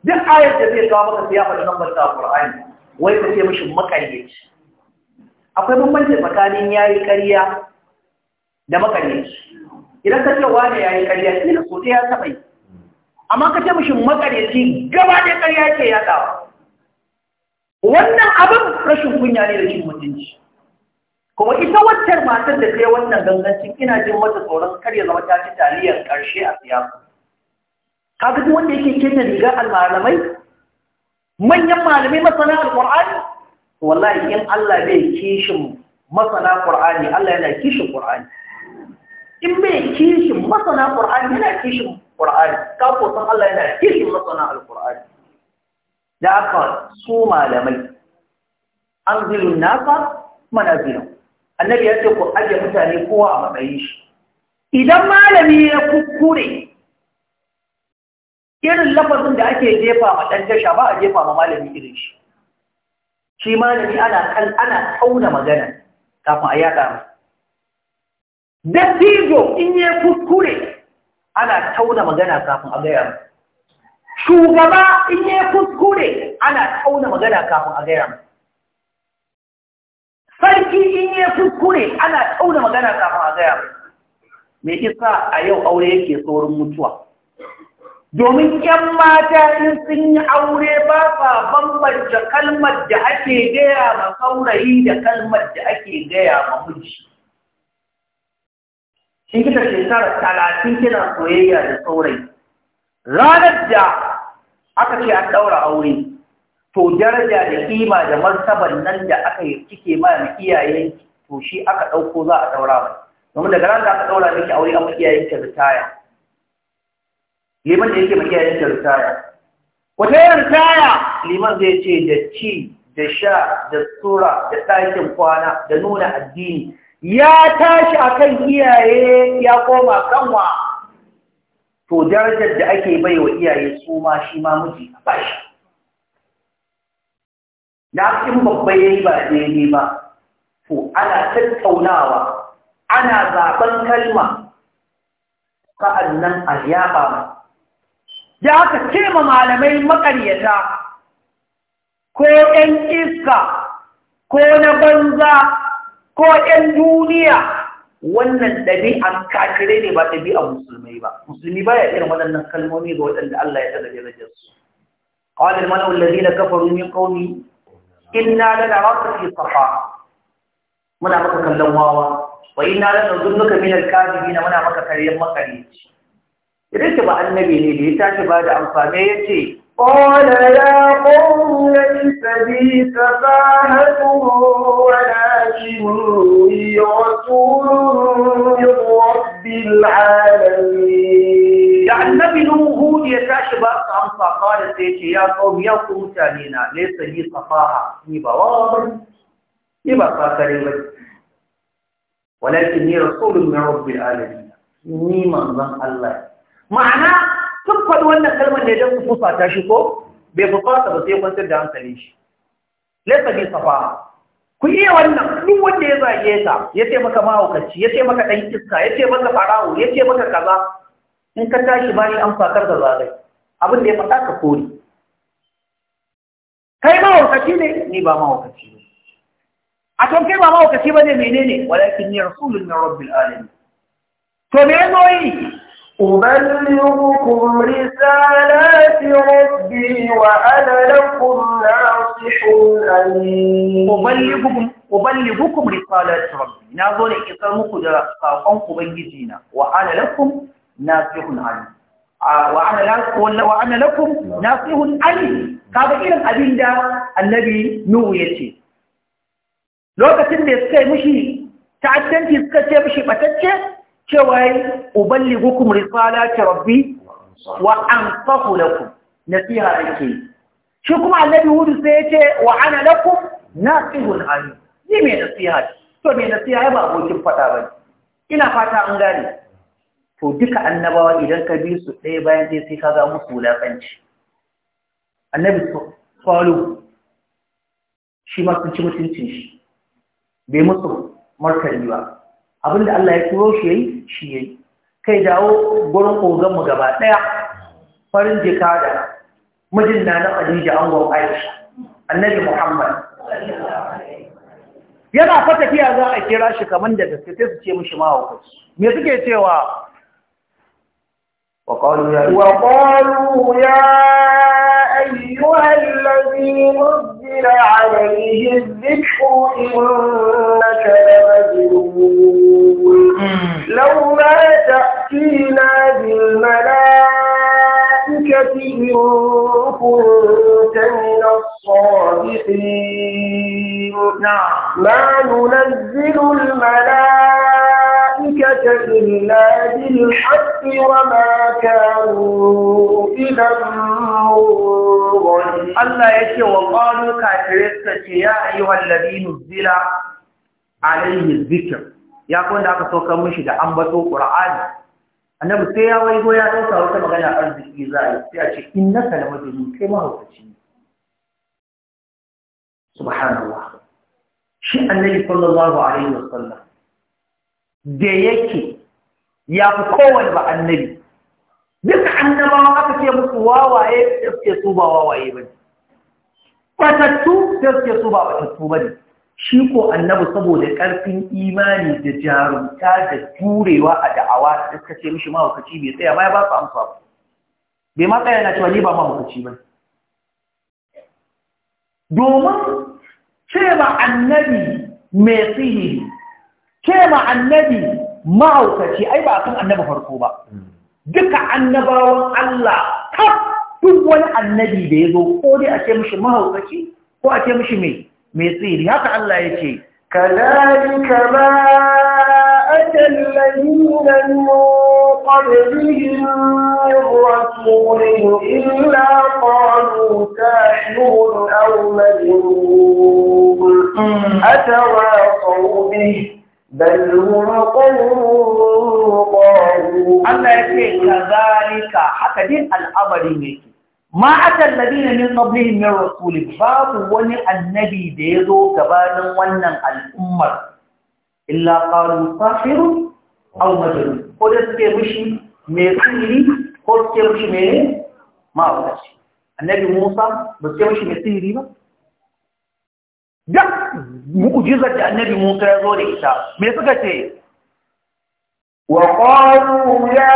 S2: duk ayar da zai kawo maka siyafa da nambar ta Alƙur'ani. wai ka ce mishi makaryaci akwai bambanci tsakanin yayi ƙarya da makaryaci idan ka ce wane ya yi karya da ko ya taɓa yi amma ka ce mishin makaryaci gaba da karya ke tsawa. wannan abin rashin kunya ne da cin mutunci kuma ita waccar matar da ta wannan gangancin ina jin mata tsoron kar ya zama ta ci taliyar ƙarshe a siyasa kaga duk wanda yake keta rigar almalamai manyan malamai masana alqur'ani wallahi in Allah bai kishin masana qur'ani Allah yana kishin qur'ani in bai kishin masana ƙur'ani yana kishin ƙur'ani kafin Allah yana kishin masana alƙur'ani da aka su malamai an zilun nasa manazilun annabi ya ce ku ajiye mutane kowa a matsayin shi idan malami ya kukkure irin lafazin da ake jefa ma ɗan tasha ba a jefa ma malami irin shi shi malami ana ana tauna magana kafin a yaɗa dattijo in ya kuskure ana tauna magana kafin a gaya mu shugaba in ya kuskure ana tauna magana kafin a gaya mu sarki in ya kuskure ana tauna magana kafin a gaya mu me isa a yau aure yake saurin mutuwa domin ‘yan mata in sun yi aure ba sa bambanta kalmar da ake gaya ma saurayi da kalmar da ake gaya ma miji. kin kita shekara talatin kina soyayya da saurayi ranar da aka ce an ɗaura aure to daraja da kima da martabar nan da aka yi kike ma da iyaye to shi aka ɗauko za a ɗaura ba domin daga ranar da aka ɗaura miki aure an iyayen ki ritaya liman da yake maki iyayen ki ritaya wata yin ritaya liman zai ce da ci da sha da tura da ɗakin kwana da nuna addini ya tashi akan iyaye ya koma kanwa to darajar da ake bai wa iyaye su ma shi ma miji a bashi na cikin babba yayi ba daidai ba to ana tattaunawa ana zaben kalma nan a yaba ma ya aka ce ma malamai maƙaryata. ko ƴan iska ko na banza ko ‘yan duniya wannan ɗabi'an kakire ne ba ɗabi'an musulmai ba musulmi ba ya irin waɗannan kalmomi ga waɗanda Allah ya tsada darajar su qala al-mala'u alladhina kafaru min qaumi inna lanaraka fi safa muna maka kallon wawa wa inna lanadhunnuka min al-kadhibin muna maka karyan makarici idan ba annabi ne da ya tashi ba da amfani yace قال يا
S1: قوم ليس بي سفاهة ولكني رسول من رب العالمين يعني نبي نوهود يتاشب أمسا قال سيك يا
S2: قوم يا قوم سالينا ليس بي سفاهة نبا وابر نبا قاكريبا ولكني رسول من رب العالمين نيما من الله معناه sun faɗi wannan kalmar ne don su fusata shi ko bai fusata ba sai kwantar da hankali shi laisa bi safa ku iya wannan duk wanda ya zage ka ya ce maka mahaukaci ya ce maka ɗan iska ya ce maka farawo ya ce maka kaza in ka tashi ba ni an fatar da zagai abin da ya faɗa ka kori kai mahaukaci ne ni ba mahaukaci ne a kan kai ba
S1: mahaukaci ba ne menene walakin ni rasulun na rabbil alamin to me yazo yi أبلغكم رسالات ربي وأنا لكم ناصح أمين أبلغكم, أبلغكم
S2: رسالات ربي نظر إسامك لأسفاقكم أبنجينا وأنا لكم ناصح أمين wa’ana lafi na tsohon ainihi ka ga irin abin da annabi nuhu ya ce lokacin da suka yi mushi ta'addanci suka ce mushi batacce cewa yi risala ta rabbi wa ansahu lakum nasiha ake shi kuma annabi hudu sai yace wa ana lakum tsihun hannu ni mai nasiha to mai nasiha ba abokin fata ba ina fata an gane to duka annabawa idan ka bi su ɗaya bayan ɗaya sai ka ga musu wulaƙanci annabi falu shi ma sun ci mutuncin shi bai musu martani ba Abin da Allah ya turo shi yayi shi yayi kai dawo gurin kogan mu gaba ɗaya. farin jika da mijin na na an Aisha annabi Muhammad yana fa tafiya za a kira shi kaman da gaske sai su ce mishi ma hukunci me suke cewa وقالوا ya وقالوا
S1: يا نزل عليه الذكر إنك لمجنون لو ما تأتينا بالملائكة إن كنت من نعم. ما ننزل الملائكة إلا بالحق وما كانوا إذا منظرين الله يشي وقالوا كافرين يا أيها الذين نزل عليه
S2: الذكر ya kwanda aka saukar mishi da ambato Qur'ani annabi sai ya waigo ya dauka wata magana arziki za a yi sai a ce innaka la majnun kai mahaukaci ne subhanallah
S1: shi annabi
S2: sallallahu alaihi wasallam da yake ya fi kowane ba annabi duka annabawa aka ce musu wawaye da suke su ba wawaye ba ne batattu da suke su ba batattu ba ne shi ko annabi saboda ƙarfin imani da jarumta da turewa a da'awa da suka ce mishi mawakaci bai tsaya ba ya ba su amsa ba bai ma tsaya na cewa ni ba mawakaci ba domin ce ba annabi mai sihiri ce ma annabi mahaukaci ai ba kan annabi farko ba duka annabawan Allah kaf duk wani annabi da ya zo ko dai a ce mishi mahaukaci ko a ce mishi mai mai tsiri haka Allah ya ce kadhalika ma
S1: atal ladina qablihim rasulun illa qalu sahirun aw majnun hmm. atawa qawmihi Allah
S2: ya ce, "Kazarika, haka din al’abari ne ke, ma aka nabi ne min ɗablihin yin rasulik, babu wani annabi da ya zo gabanin wannan al’ummar, illa ƙaru safiru au majalu, ko da suke mai tsiri, ko suke mai ne? annabi Musa, ba suke mushi mai tsiri ba? duk mu'jizar da annabi Musa ya zo da ita me suka ce wa
S1: qalu ya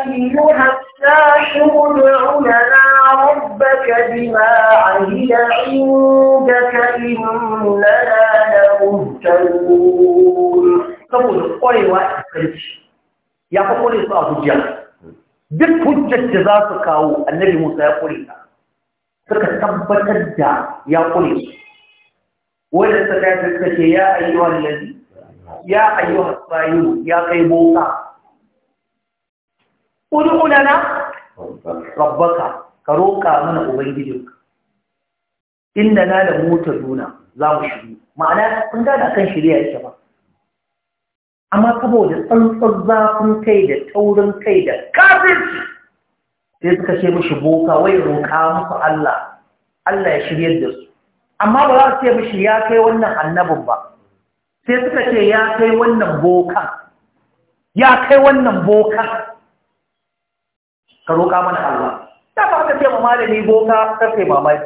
S1: ayyuha الساحر ادع لنا ربك بما عهد عندك إننا لمهتدون saboda ƙwarewa a ƙarfi ya fi
S2: ƙware su a hujja duk hujjar da za su kawo annabi musa ya ƙware ta suka tabbatar da ya ƙware su wanda suka kai suka ce ya ayyuhal ladhi ya ayyuhas sayyid ya kai boka ud'u rabbaka ka roƙa mana ubangijinka inda na da mota duna za mu shiru ma'ana sun gada kan shirya yake ba amma saboda tsantsar zafin kai da taurin kai da kafirci sai suka ce mishi boka wai roƙa musu Allah Allah ya shiryar da su amma ba za su ce mishi ya kai wannan annabin ba sai suka ce ya kai wannan boka ya kai wannan boka ka roƙa mana Allah da ba ka ce ma malami boka karfe mamaki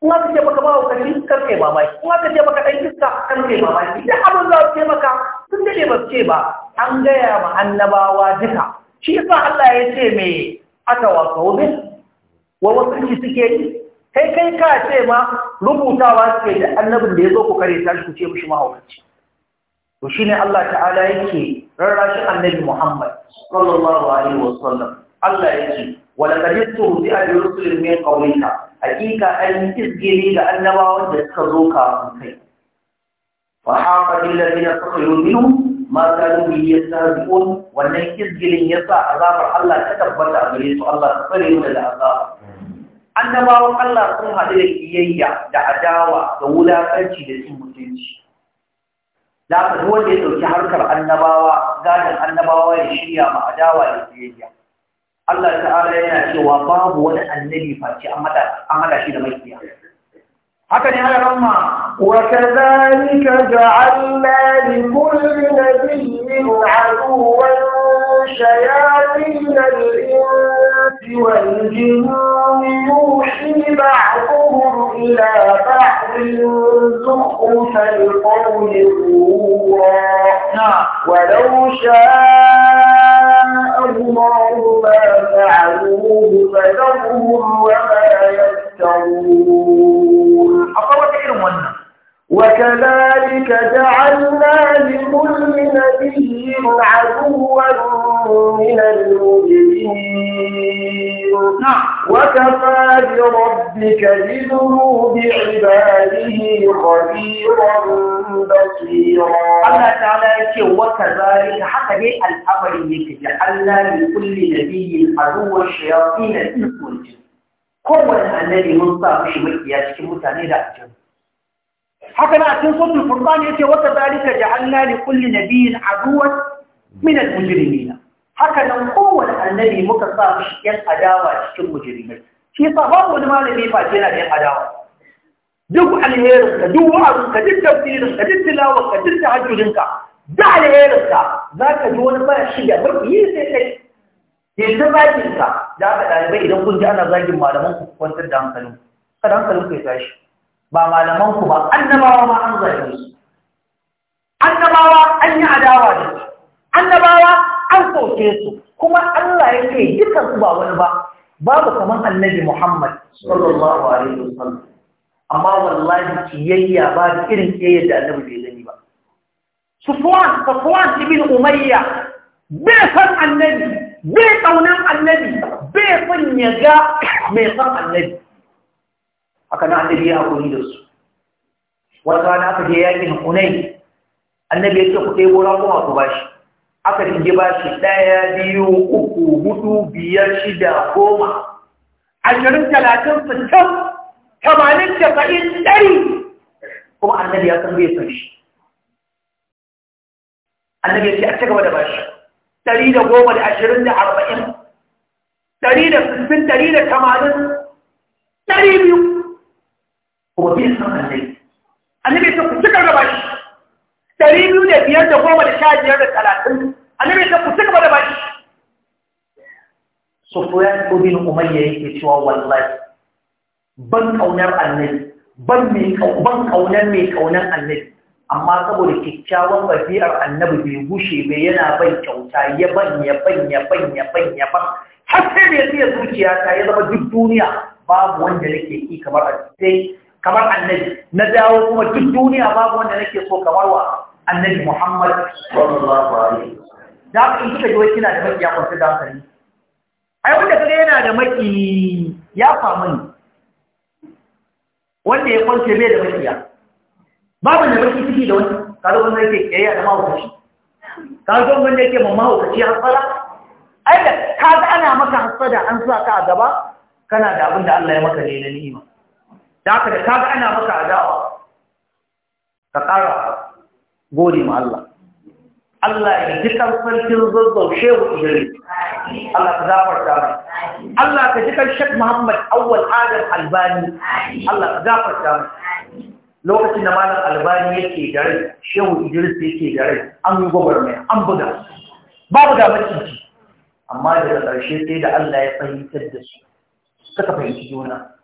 S2: Kuma ka ce maka wa kashi karfe mamaki Kuma ka ce maka ɗan kiska karfe mamaki duk abin za su ce maka sun dade ba su ce ba an gaya ma annabawa duka shi yasa Allah ya ce me aka wasa wa wasu suke yi kai kai ka ce ma rubutawa suke da annabin da ya zo ku karya ta shi ku ce mishi mahaukaci to shine Allah ta'ala yake rarrashi annabi Muhammad sallallahu alaihi wasallam Allah yake wala kadittu bi al-rusul min qawlika hakika an isgiri ga annabawan da suka zo ka? kai wa haqa bil ladina sakhiru minhum ma kanu bi wannan yasa azabar Allah ta tabbata a gare su Allah ta tsare mu daga azaba annabawan Allah sun haɗu da kiyayya da adawa da wulaƙanci da cin mutunci lafa wanda ya ɗauki harkar annabawa gadon annabawa ya shirya ma adawa da kiyayya Allah ta'ala yana cewa babu wani annabi face an haɗa shi da makiya
S1: haka ne hada ramma وكذلك جعلنا لكل نبي عدوا شياطين الإنس والجن يوحي بعضهم إلى بعض زخرف القول غرورا نعم. ولو شاء الله ما فعلوه فذرهم وما يفترون أقرأ كثير وكذلك جعلنا لكل نبي عدوا من المجرمين وكفى بربك بذنوب عباده خبيرا بصيرا الله تعالى يقول وكذلك حتى الامر يكي
S2: جعلنا لكل نبي عدوا الشياطين الانس والجن كون النبي مصطفى مكي يا شيخ متى نرى الجنه haka na cikin sunnul furqan yace wa kadhalika ja'alna li kulli nabiyyin aduwwan min al-mujrimina haka nan kowanne annabi muka sa shi yan adawa cikin mujrimai shi yasa babu wani malami ba yana da yan adawa duk alherin ka duk wa'azin ka duk tafsirin ka duk tilawar ka duk tahajjudin ka da alherin ka zaka ji wani fara shi da yi. sai kai yanzu zakin ka da ka dalibai idan kun ji ana zagin malaman ku kwantar da hankalin kada hankalin ku ya tashi ba malamanku ba annabawa ma an zage su
S1: annabawa an yi adawa da su annabawa an soke
S2: su kuma Allah ya ce dukkan su ba wani ba babu kaman annabi Muhammad sallallahu alaihi wasallam amma wallahi kiyayya ba da irin kiyayya da annabi bai gani ba Sufwan Sufwan ibn Umayya bai san annabi bai kaunan annabi bai son ya ga mai son annabi haka na annabi ya hakuri da su wata rana aka je yakin hunai annabi ya ce ku ɗebo ramuwa ku bashi aka dinge bashi ɗaya biyu uku hudu biyar shida goma ashirin talatin sittin tamanin tafa'in ɗari kuma annabi ya san bai san shi annabi ya ce a ci gaba da bashi ɗari da goma da ashirin da arba'in ɗari da sittin ɗari da tamanin ɗari biyu kuma bin annabi ta ku cika gaba shi ɗari biyu da biyar da goma da sha biyar da talatin annabi ta ku cika gaba shi sufuyan ibn umayya yake cewa wallahi ban ƙaunar annabi ban mai ban kaunar mai kaunar annabi amma saboda kikkiawan bafiyar annabi bai gushe bai yana ban kyauta ya ban ya ban ya ban ya ban har sai da ya zuciya ta ya zama duk duniya babu wanda nake ki kamar a sai kamar annabi na dawo kuma duk duniya babu wanda nake so kamar wa annabi Muhammad sallallahu alaihi da haka in kika ji wai kina da maki ya kwanta da hankali ai wanda kaga yana da maki ya famu ne wanda ya kwanta bai da ya babu da maki ciki da wani kaga wanda yake ya da mahaukaci kaga wanda yake mamma mahaukaci hasara
S1: ai da kaga ana maka hasada an sa ka a gaba
S2: kana da abin da Allah ya maka ne na ni'ima da haka da kaga
S1: ana maka adawa
S2: ka ƙara gode ma Allah Allah ya ji kan sarkin zazzau shehu Idris Allah ka gafarta mai Allah ka ji kan Sheikh Muhammad Awwal Adam Albani Allah ka gafarta mai lokacin da malam Albani yake da rai shehu Idris yake da rai an yi gwagwarmaya an buga babu da maciji amma daga ƙarshe sai da Allah ya fahimtar da su suka fahimci juna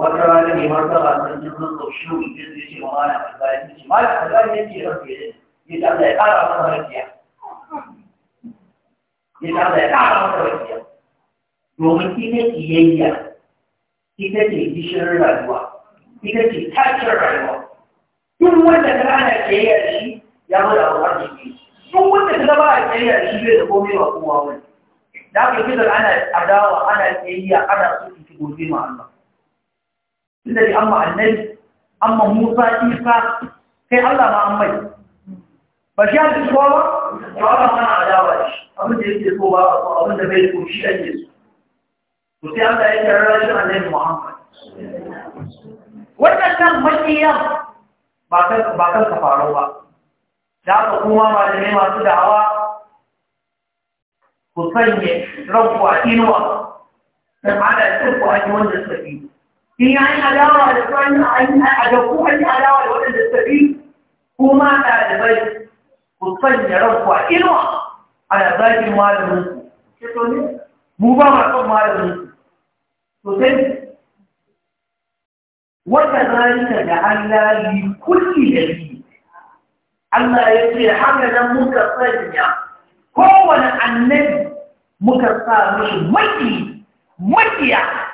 S2: wata rana mai martaba sun ji sun zo shi ne zai ce wa mana a bayan ce ma da kalmar ne ke rafe ne ya ta da ya ƙara masa rafiya ya ta da ya ƙara masa rafiya domin ita kiyayya ita ce gishirin rayuwa ita ce tashin rayuwa duk wanda ka ana kiyayya da shi ya mada abu arziki duk wanda ka ba a kiyayya da shi bai da komai ba kowa wani da aka yi ana adawa ana kiyayya ana so ki gobe ma Allah الذي أما النبي أما موسى إيسا كي الله ما أمي فشاهد الشوارع شوارع أنا عداوة أبن جيد يسوع أبن جيد يسوع شيئا يسوع وسي الله يكرر شيئا النبي محمد waɗannan maƙiyan ba kan ka faru ba da aka kuma malamai masu da'awa ku sanya ranku a inuwa don ana tsirku a wanda suka fi
S1: in an adawa da tsohon an adaku an
S2: adawa da waɗanda sabi kuma ɗalibai ku sanya ranku a inuwa ana zagin malamin ku mu ba ma son malamin ku sosai wata zalika da Allah yi kulli da yi Allah ya ce haka nan muka sanya kowane annabi muka sa mishi maki makiya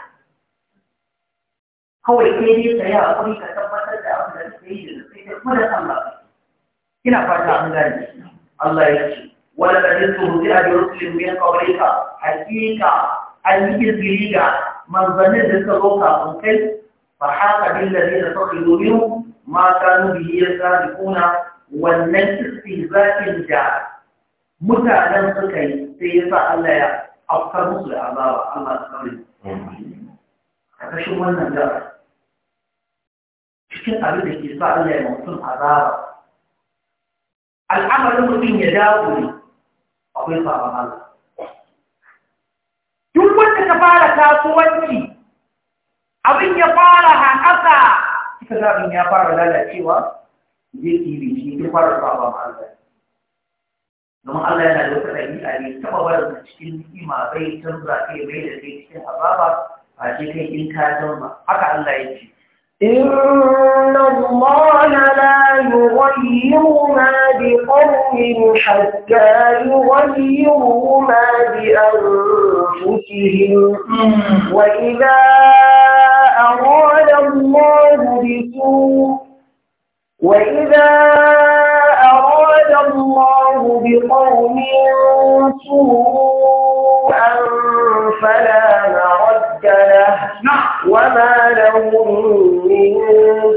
S2: kawai sai dai ka yi hakuri ka tabbatar da abin da kake yi da sai dai kuma da Allah ina fata an gane Allah ya ce wala qad tuhdira bi rusulin min qablika hakika an yi izini ga manzannin da suka zo kafin kai fa haka bil ladina takhidu minhum ma kanu bihi kuna. wannan istihza'in da mutanen suka yi sai ya sa Allah ya afkar musu da azaba Allah ta kare a kashin wannan da cikin abin da ke sa Allah ya mutum azaba al'amarin mutum ya dawo ne akwai sabon Allah duk wanda ta fara kasuwanci abin ya fara haƙasa kika ga abin ya fara lalacewa zai kiri shi duk fara sabon Allah domin Allah yana da wata ɗabi'a ne taɓa barin cikin ni'ima bai canza kai mai da kai cikin azaba a ce kai in ka zauna haka Allah ya ce
S1: إن الله لا يغير ما بقوم حتى يغيروا ما بأنفسهم وإذا أراد الله بسوء وإذا أراد الله بقوم سوءا فلا مرد له نعم وما لهم من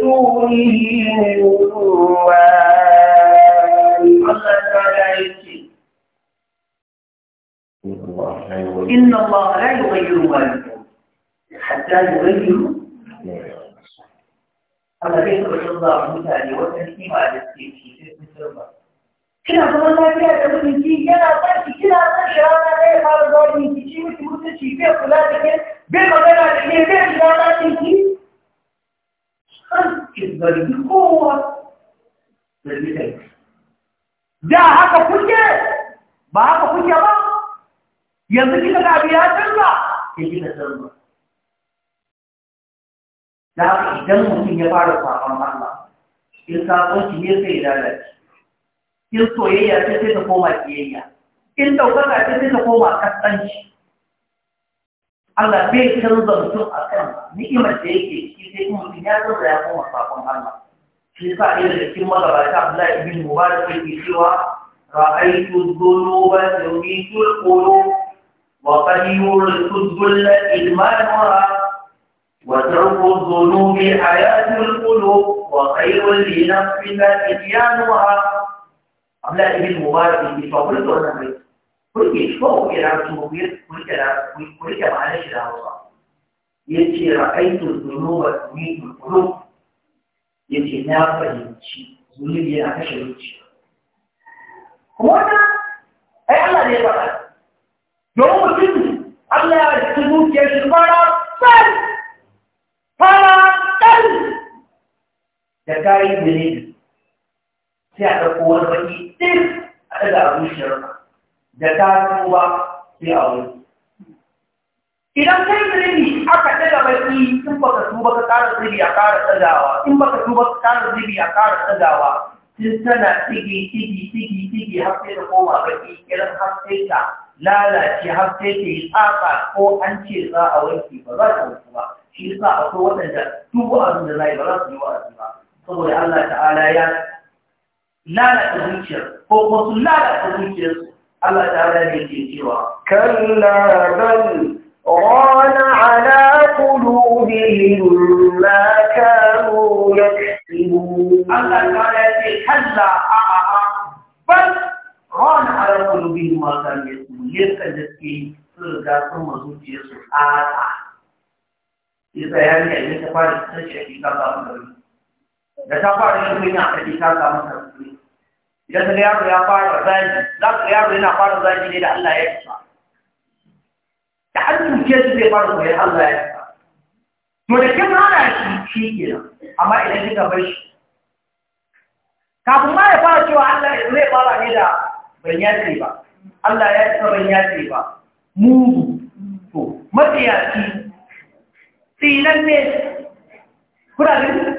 S1: دونه من الله تعالى يكفي إن
S2: الله لا يغير ما حتى يغيروا هذا ليس الله مثالي وتسليم على التيكي في السربة kina zaman lafiya da mutunci yana sarki kina san shi na ɗaya fara zuwa yin kici miki mutunci bai kula da ke bai magana da ke bai shiga ɗakin ki sarkin zargi kowa zargi da da haka kuke ba haka kuke ba yanzu kika ga biya canza ke kika canza da haka idan mutum ya fara kwafan Allah in kafin shi ne sai ya lalace in soyayya ce sai ta koma kiyayya in ɗaukaka ce sai ta koma kasance Allah bai canza mutum a kan ni'imar da yake ciki sai kuma mutum ya canza ya koma sakon Allah shi sa ne da cikin magabata Abdullahi ibn Mubarak yake cewa ra'aytu dhunuba tumitu al-qulub wa qad yuridu dhulla ilmanuha wa tarku dhunubi hayatu al-qulub wa khayru li nafsika ityanuha Abdullahi ibn Mubarak yake cewa kun da wannan mai kun ke shi ko ku kira su ku yi kun kira ku rike shi da Hausa yace ra'aytu dhunuba min qulub yace na fahimci zunubi yana kashe zuciya kuma wannan ai Allah ne faɗa don mutum Allah ya rike zuciyar shi fara san fara san da kayan sai a ɗauko wani baki ɗin a ɗaga a zuciyarka da ta tuba sai a wani idan kai zunubi aka ɗaga baki in baka tuba ka ƙara zunubi a ƙara ɗagawa in ba ka tuba ka ƙara zunubi a ƙara ɗagawa tun tana tigi tigi tigi tigi har sai ta koma baki irin har sai ta lalace har sai ta yi tsaka ko an ce za a wanke ba za ta wanke ba shi yasa akwai waɗanda duk wa'azin da za yi ba za su yi wa'azi ba saboda Allah ta'ala ya lalata zuciyar ko kuma su lalata zuciyarsu Allah ta da ne cewa kalla
S1: bal rana ala qulubihim ma kanu yaksibun Allah ta da ce kalla a a a bal rana
S2: ala qulubihim ma kanu yaksibun ne kan da ke sun ga sun zuciyarsu a a yasa ya ne ta fara ta shi ka ba mu da ta fara shi kunya a kaɗi ta samu sarki idan ta yaro ya fara zagi za ka yaro yana fara zagi ne da Allah ya isa da har tuke su zai fara koyar Allah ya isa to da kin hana shi shi kenan amma idan kika bar shi kafin ma ya fara cewa Allah ya zai fara ne da ban yace ba Allah ya isa ban ya yace ba
S1: mu
S2: to ki? tsinan ne kuna ne?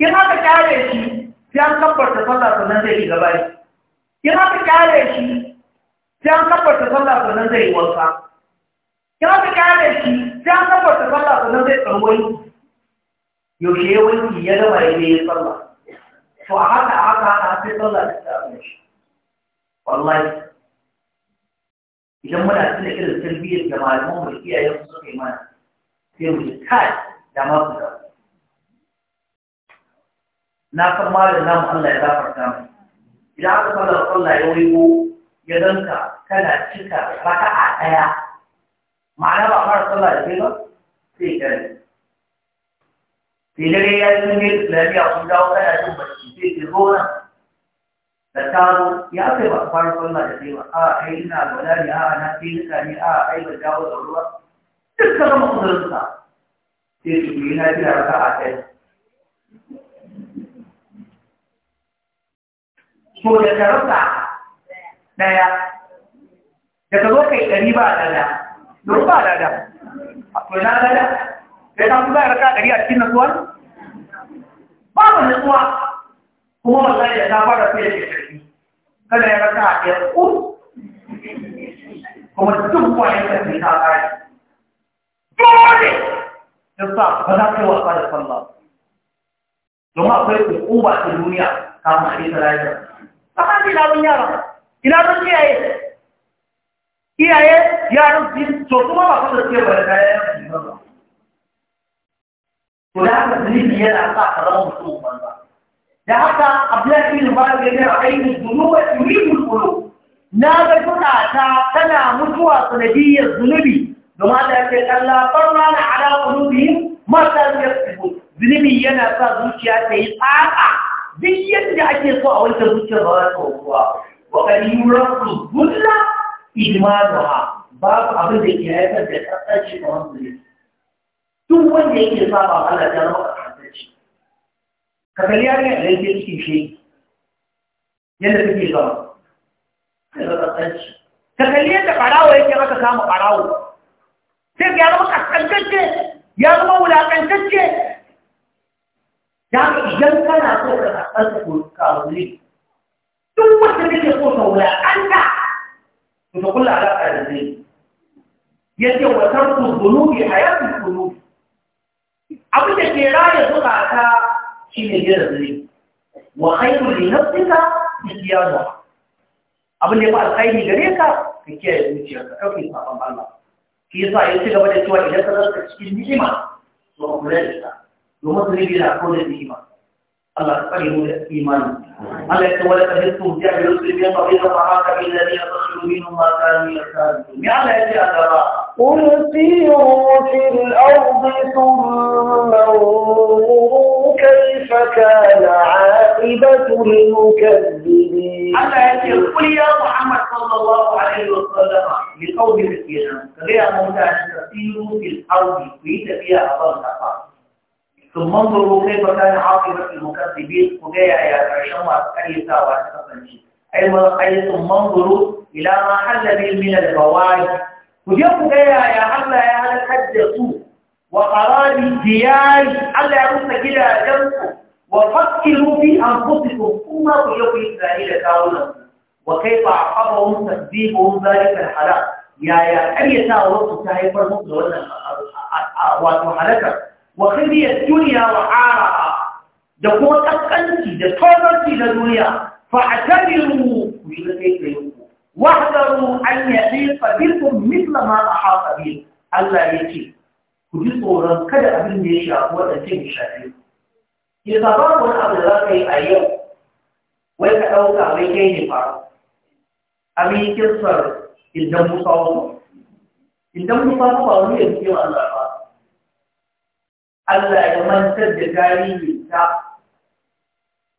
S2: in aka kyale shi sai an kabbarta sallah sannan zai shiga bayi in aka kyale shi sai an kabbarta sallah sannan zai yi wanka in aka kyale shi sai an kabbarta sallah sannan zai tsarwai yaushe ya wanki ya gama ya yi sallah to a haka a haka haka sai sallah da ta abin shi wallahi idan muna tuna irin tarbiyyar da malaman mu iyayen su suka yi mana sai mu ji kai da ma su da na san malam namu Allah ya gafarta mai idan aka sallar sallah ya waigo ya danka kana cika raka'a daya ma'ana ba fara sallah da kai ba sai ka sai dai ya yi ne lafiya kun dawo kana jin bacci sai ki zo nan da taro ya kai ba fara sallah da kai ba a ai ina wala ne. a na sai nika ni a ai ba dawo da ruwa dukkan mutum da sai ki yi lafiya raka'a daya so da ka daya, daga lokai ka zo kai ɗari ba lada don ba lada to na dada, sai ta fi zai raka ɗari a cikin nasuwa ba ba nasuwa kuma wallahi da ta fara fiye da ƙarfi kada ya raka a ɗaya ƙur kuma duk kwayan da sai ta ƙari dole ya sa ba za ka yi wasa da sallah domin akwai hukuma ta duniya kamar a yi ta lafiya amma ina ban yara ina ban iyaye iyaye yaran su to kuma ba su da ke bari kayan ba to da haka zunubi yana sa ka zama mutum banza da haka abdullahi ibn malik ya ga aini zunuba yuridu qulub na ga ta tana mutuwa sanadiyyar zunubi domin da yake kalla farna na ala qulubihim ma sa yasbu zunubi yana sa zuciya ta yi tsaka duk yadda ake so a wanke zuciyar ba za ta wankuwa wa kan yuraku gulla imanuha babu abin da ke haifar da kasashe kamar zuciya duk wanda yake saba Allah ta zama kasashe ka kalli yarinya da yake cikin shi yadda take zama ta zama kasashe ka kalli yadda ɓarawo yake maka kama ɓarawo sai ya zama kasantacce ya zama wulaƙantacce da haka idan kana so ka kasar da kawai duk wanda kake so ka wulaƙanta to ta kula alaƙa da zai yake wa tarku zunubi hayatu zunubi abin da ke raya zukata shi ne jira zai wa khairu li ya isyanu abin da ya fi alkhairi gare ka ka kiyaye zuciyarka kafin sabon Allah shi yasa ya ci gaba da cewa idan ka zarta cikin ni'ima to ku kula da ita domin su rage na kodin da iman Allah ta tsare mu da imani Allah ya tawala ta hisu ya yi rusul biyan ba bai zama haka bai da ya tsaro min ma ta ni ya tsaro me Allah ya ce a gaba
S1: قل سيروا في الأرض ثم انظروا كيف كان عاقبة المكذبين الله يقول قل يا محمد صلى الله عليه وسلم
S2: لقوم مسكينا كبير ممتاز سيروا في الأرض في تبيع أرض ثم انظروا كيف كان عاقبة المكذبين وجاء يا عشان أي ساوى أيضا أي ثم انظروا إلى ما حل به من البوائد وجاء جاء يا الله يا هل حدثوا وقرار الديار الله يرد كده جنبكم وفكروا في أنفسكم ثم تجوا في إسرائيل كاونا وكيف عقبهم تكذيبهم ذلك الحلال يا يا أي ساوى تهيفر مصر ولا لك wa khidiyat dunya wa araha da kuma kaskanci da tozarci na duniya Fa fa'tabiru ku shiga kai da yanku wahdaru an yahiqa bikum mithla ma ahata bi Allah yake ku ji tsoron kada abin da ya shafi wadancan ya shafi ya sa babu wani abu da za ka yi a yau wai ka ɗauka wai kai ne faru Amin kirsar idan musa wasu idan mu wasu ba wani yanzu yau Allah Allah ya mantar da tarihinta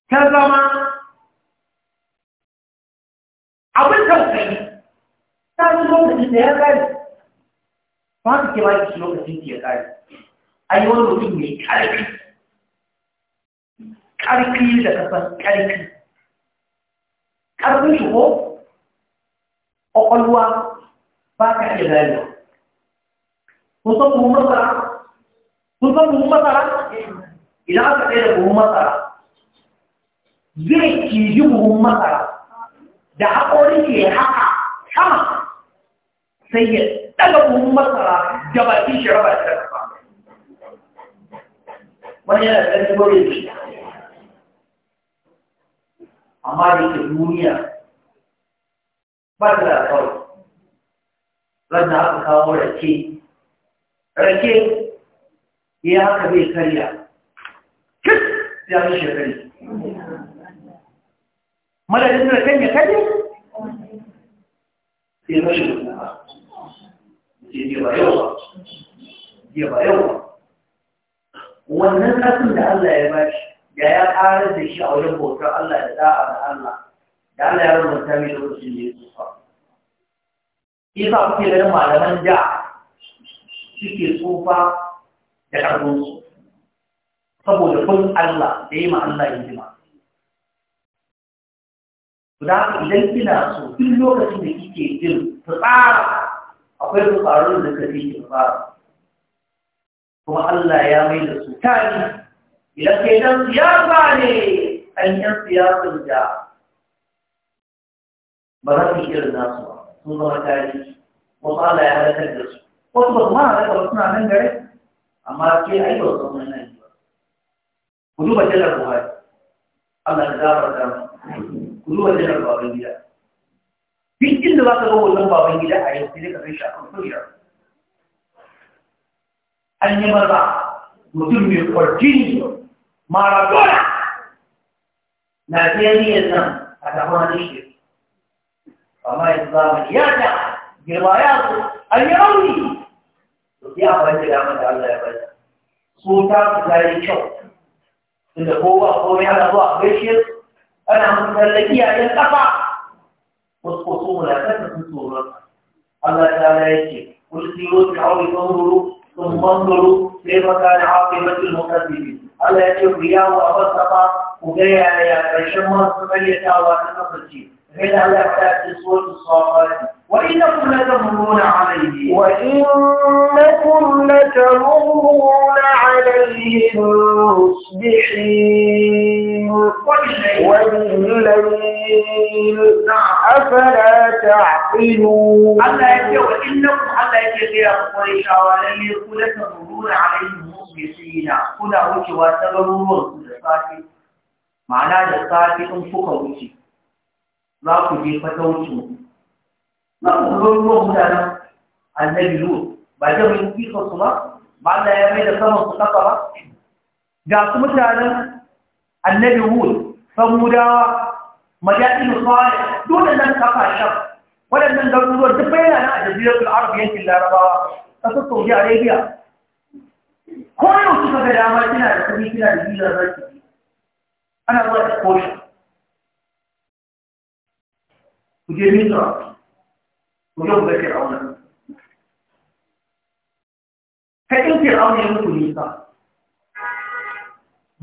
S2: ta zama abin tausayi ta zo lokacin da ya kare ba su ke baki lokacin da ya kare a yi wani mutum mai ƙarfi ƙarfi da kasar ƙarfi ƙarfin shi ko ƙwaƙwalwa ba ka iya gane kusan kuma masara kun san buhun masara idan aka tsaye da buhun masara zai kiji buhun masara da haƙorin ke haka sama sai ya ɗaga buhun masara da bakin shi raba shi da kafa wani yana da ɗan gobe shi amma da yake duniya ba ta da kawai ranar aka kawo rake rake ya haka bai karya kis ya zo shekari madadin da kan ya karya sai mashi da kuma sai ba yawa ba yawa wannan kasin da Allah ya bashi da ya ƙarar da shi a wajen bautar Allah da da'a da Allah da Allah ya rubuta mai lokacin da ya tsufa isa kuke ganin malaman da suke tsufa da ƙarfinsu saboda kun Allah da yi ma Allah yin jima. Guda idan kina so duk lokacin da kike jin tsara akwai tsarin da ka ke fara. Kuma Allah ya mai da su tari idan kai dan siyasa ne an yan siyasar da ba za su irin nasu ba sun zama tarihi wasu Allah ya halakar da su wasu ba su ma halakar suna nan gare amma ke ai ba san wannan ne ku duba jallar buhari Allah ya zabarta mu ku duba jallar baban gida duk inda za ka ga wannan baban gida a yau sai ka kai shi a kan kuriya an yi maza mutum mai kwarjini maradona na jeriya nan a tafi shi amma yanzu zamani ya ta girma ya zo an yi rauni ya amfani da damar da Allah ya bai so ta ta yi kyau inda kowa komai ana zuwa a gaishe ana musu tallaki a yan kafa wasu ko sun wulakanta sun tsoron Allah ta ya ce kul siro ta aure tsoron sun mangaro sai maka na hafi matul mukaddibi Allah ya ce ku yawo a wasafa ku gaya ya ƙarshen masu karyatawa ta kasance من الأحداث صوت الصالح وإنكم
S1: لتمرون عليه وإنكم لتمرون عليهم مصبحين وبالليل نعم. أفلا تعقلون الله يجي وإنكم الله يجي يا قريش وإنكم لتمرون عليهم
S2: مصبحين كنا وجه وتمرون كل ساكت معناه الساكت فوق وجهي لاكو دي فتوتو
S1: ما بقول لهم
S2: انا النبي لوط بعد ما في خصله بعد يا ميد سما تقطر جاءت مثلا النبي هو فمدا مجاتل صالح دون ان تقع شر ولا من دور دبينا انا جزيره العرب يمكن لا ربا تصدقوا يا ليبيا كل وصفه دراماتنا تبي كده جزيره انا بقول
S1: ku je misra ku je ku ga fir'auna kai in fir'auna ya muku nisa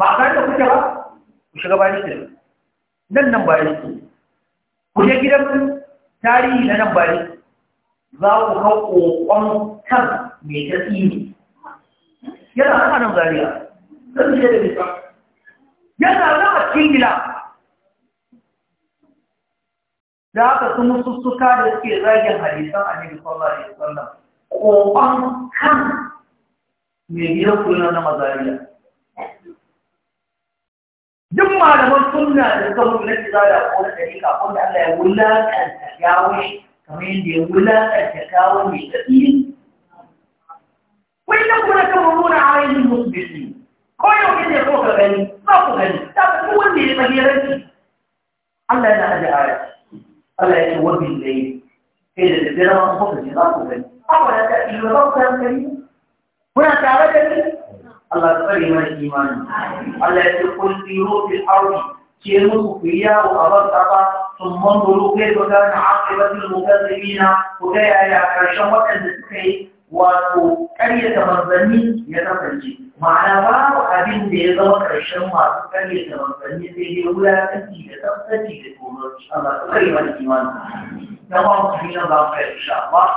S1: ba a tare da kuke ba ku shiga bayan shi
S2: nan nan bayan shi ku je gidan tarihi a nan bayan za ku hau yana ana nan zariya da a cikin da haka su musussuka da suke zagin hadisan a sallallahu alaihi wasallam kokon kan mai biyar kula na mazariya duk malaman suna da suka na kiza da kowane ɗari kafin Wanda Allah ya wulaƙanta yawon shi kamar yadda ya wulaƙanta kawon mai tafiye kullum kuna kama nuna a yanzu musulmi ko yau kike so ka gani za ku gani ta fi wanda ya tsagiranci Allah yana ajiye ayati Allah ya ce wa bil layl kai da dare ma ku kasance za ku gani amma da ta ilmi ba ku san kai kuna tare da ni Allah ya tsare mana imani Allah ya ce kul tiru fil ardi ke musu ku yawo a ban kafa sun mandoro kai ku gane aqibatul mukazzibina ku ga yaya karshen waɗanda suka yi wato ƙaryata manzanni ya kasance ma'ana babu abin da ya zama ƙarshen masu karye da manzanni sai dai wulaƙanci da tsaftaci da tsoronci Allah su kare mana imanin na ba mu tafi nan ba mu kai insha Allah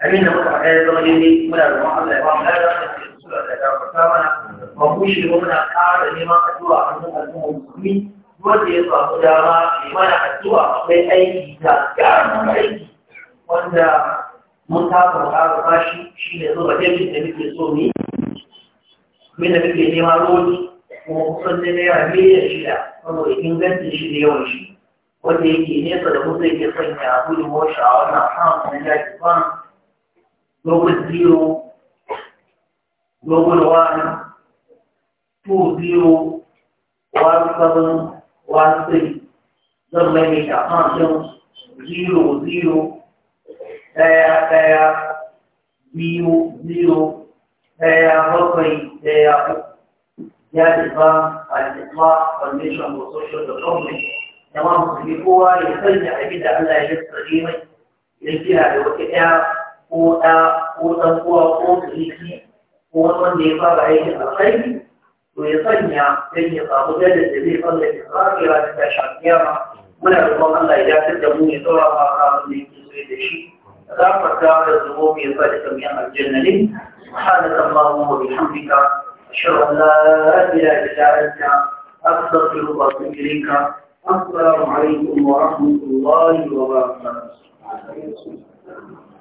S2: abin da muka faɗa ya zama daidai
S1: muna da Allah ya ba mu lafiya da ke sura da gafarta mana
S2: ba mu shi ba muna ƙara neman addu'a a hannun al'umma musulmi wanda ya samu dama ya mana addu'a akwai aiki da gyara aiki wanda mun kafa ƙara bashi shi ne zuba jirgin da muke so ne abin da nema rodi kuma kusan da da yawan shi wanda yake nesa da mu zai iya sanya gudunmuwar shi a na ɗaya bakwai ɗaya uku ya ɗiba al'isma foundation for social development ya ma musulmi kowa ya sanya abin da Allah ya tsari mai ya kina da wata ɗaya ko ɗa ko ɗan ko tsiriki ko wani wanda ya fara aikin alkhairi to ya sanya don ya samu gadar da zai fara ya tsariya da tashin kiyama muna roƙon Allah ya dakatar da mu ya tsora ma kamun da yake da shi غفر دار الذنوب يفرق من الجنة لي سبحانك اللهم وبحمدك أشهد أن لا إله إلا أنت أستغفرك وأتوب السلام عليكم ورحمة الله
S1: وبركاته